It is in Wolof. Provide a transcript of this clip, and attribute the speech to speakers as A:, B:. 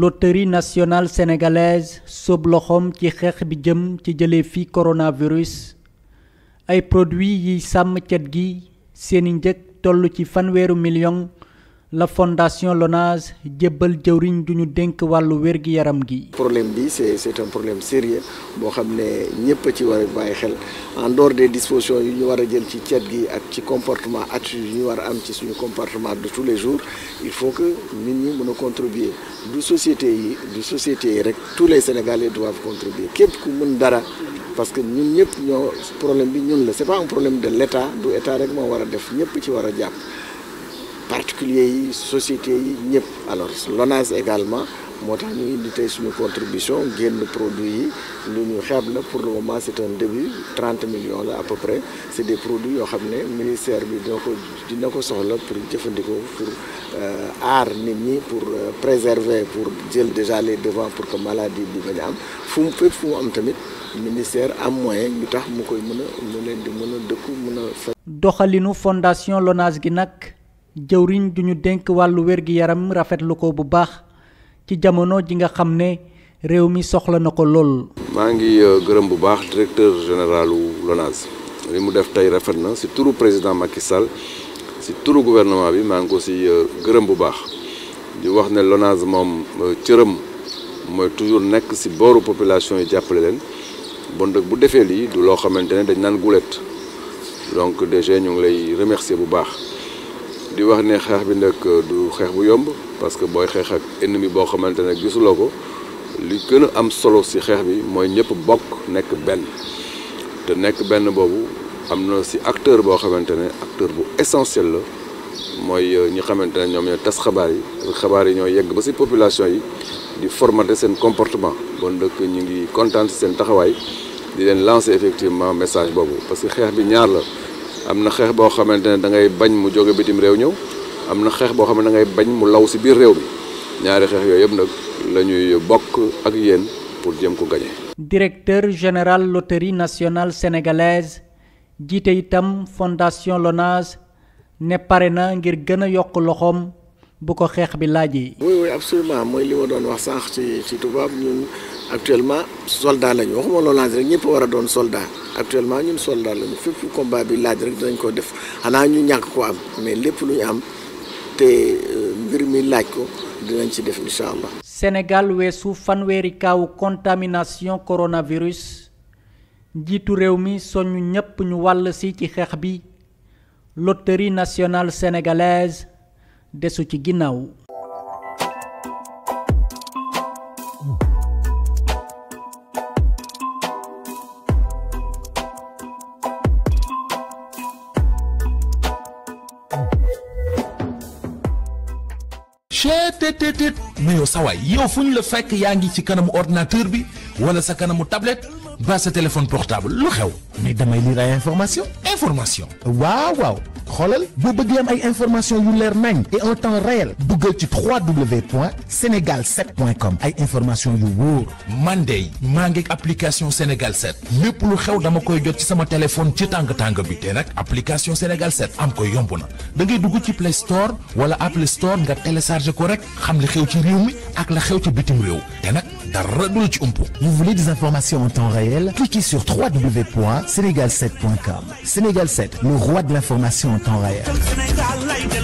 A: loterie national sénégalaise soob loxoom ci xeex bi jëm ci jëlee fi coronavirus ay produits yiy sàmm cet gi seeni njëg toll ci fanweeru million la fondation LONASE jébbal jëwriñ du ñu dénk wàllu wér yaram gi.
B: problème bi c'est c'est un problème sérieux boo xam ne ñëpp ci war a bàyyi xel en dehors des dispositions yu ñu war a jël ci cet gi ak ci comportement attitude yu ñu war a am ci suñu comportement de tous les jours il faut que nit ñi mën a contribuer du société yi du société yi rek tous les Sénégalais doivent contribuer képp ku mën dara. parce que ñun ñëpp ñoo problème bi ñun la c'est pas un problème de l'État État rek moo war a def ñëpp ci war a jàpp. particulier yi société yi ñëpp alors LONASE également moo tax ñu indi tey suñu contribution génn produit yi lu ñu xeeb la pour le moment c'est un début 30 millions la à peu près c'est des produits yoo xam ne ministère bi dina ko dina ko soxla pour jëfandikoo pour euh, aar nit ñi pour euh, préserver pour jël déjà les devants pour que maladie bi bañ am fu mu fépp fu mu am tamit ministère am moyen ñu tax mu koy mën a mu leen di mën a dëkku mën a.
A: doxalinu fondation gi nag. jëwriñ ju ñu dénk wàllu wér-gi-yaram rafetlu ko bu baax ci jamono ji nga xam ne réew mi soxla na ko lool.
C: maa ngi euh, gërëm bu baax directeur généralu LONASE li mu def tey rafet na ci turu président Macky Sall ci turu gouvernement bi maa ngi ko ci euh, gërëm bu baax di wax ne LONASE moom euh, cërëm mooy toujours nekk ci booru population yi jàppale leen bon nag bu defee lii du loo xamante ne dañ naan gulet donc déjà ñu ngi lay remercier bu baax. di wax ne xeex bi nag euh, du xeex bu yomb parce que booy xeex ak ennemi boo xamante ne gisuloo ko li gën a am solo ci xeex bi mooy ñëpp bokk nekk benn te nekk benn boobu am na ci acteur boo xamante ne acteur bu essentiel la mooy euh, ñi xamante ne ñoom ñooy tas xabaar yi xabaar yi ñoo yegg ba ci population yi di formater seen comportement bon dëkk ñu ngi kontaan seen taxawaay di leen lancé effectivement message boobu parce que xeex bi ñaar la. am na xeex boo xamante ne da ngay bañ mu jóge bitim réew ñëw am na xeex boo xam ne dangay bañ mu law si biir réew bi ñaari xeex yooyu yëpp nag la ñuy bokk ak yéen pour jéem ko gañe
A: directeur général loterie nationale sénégalaise jiite itam fondation LONASE ne pare na ngir gën a yokk loxoom bu ko xeex bi laaj yi
B: oui oui absolument mooy li ma doon wax sànq ci ci tubaab ñun actuellement soldat lañu waxuma loolaange rek ñëpp war a doon soldat actuellement ñun soldat lañu fépp combat bi laaj rek dinañ ko def xanaa ñu ñàkk ko am mais lépp lu ñu am te euh, mbir mi laaj ko dinañ ci def incha allah.
A: Sénégal weesu fanweeri kaawu contamination coronavirus njiitu réew mi soñu ñépp ñu wàll si ci xeex bi loterie nationale sénégalaise. desu ci ginnaaw.
D: chetttt mais yow sawaay yow fu ñu la fekk yaa ngi ci kanamu ordinateur bi wala sa kanamu tablet ba sa téléphone portable lu xew mais damay lire ay information information waaw waaw xoolal boo bëggee am ay information yu leer nañ et en temps réel duggal ci www.senegal7.com ay information yu wóor man de maa ngi application Sénégal 7 lépp lu xew dama koy jot ci sama téléphone ci tàng tàng bi te nag application Sénégal 7 am ko yomb na da ngay dugg ci Play Store wala Apple Store nga télécharge ko rek xam li xew ci réew mi ak la xew ci bitim réew te nag dara du la ci umpu. Vous voulez des informations en temps réel? Cliquez sur wwwsenegal Sénégal 7, le roi de en temps
C: réel.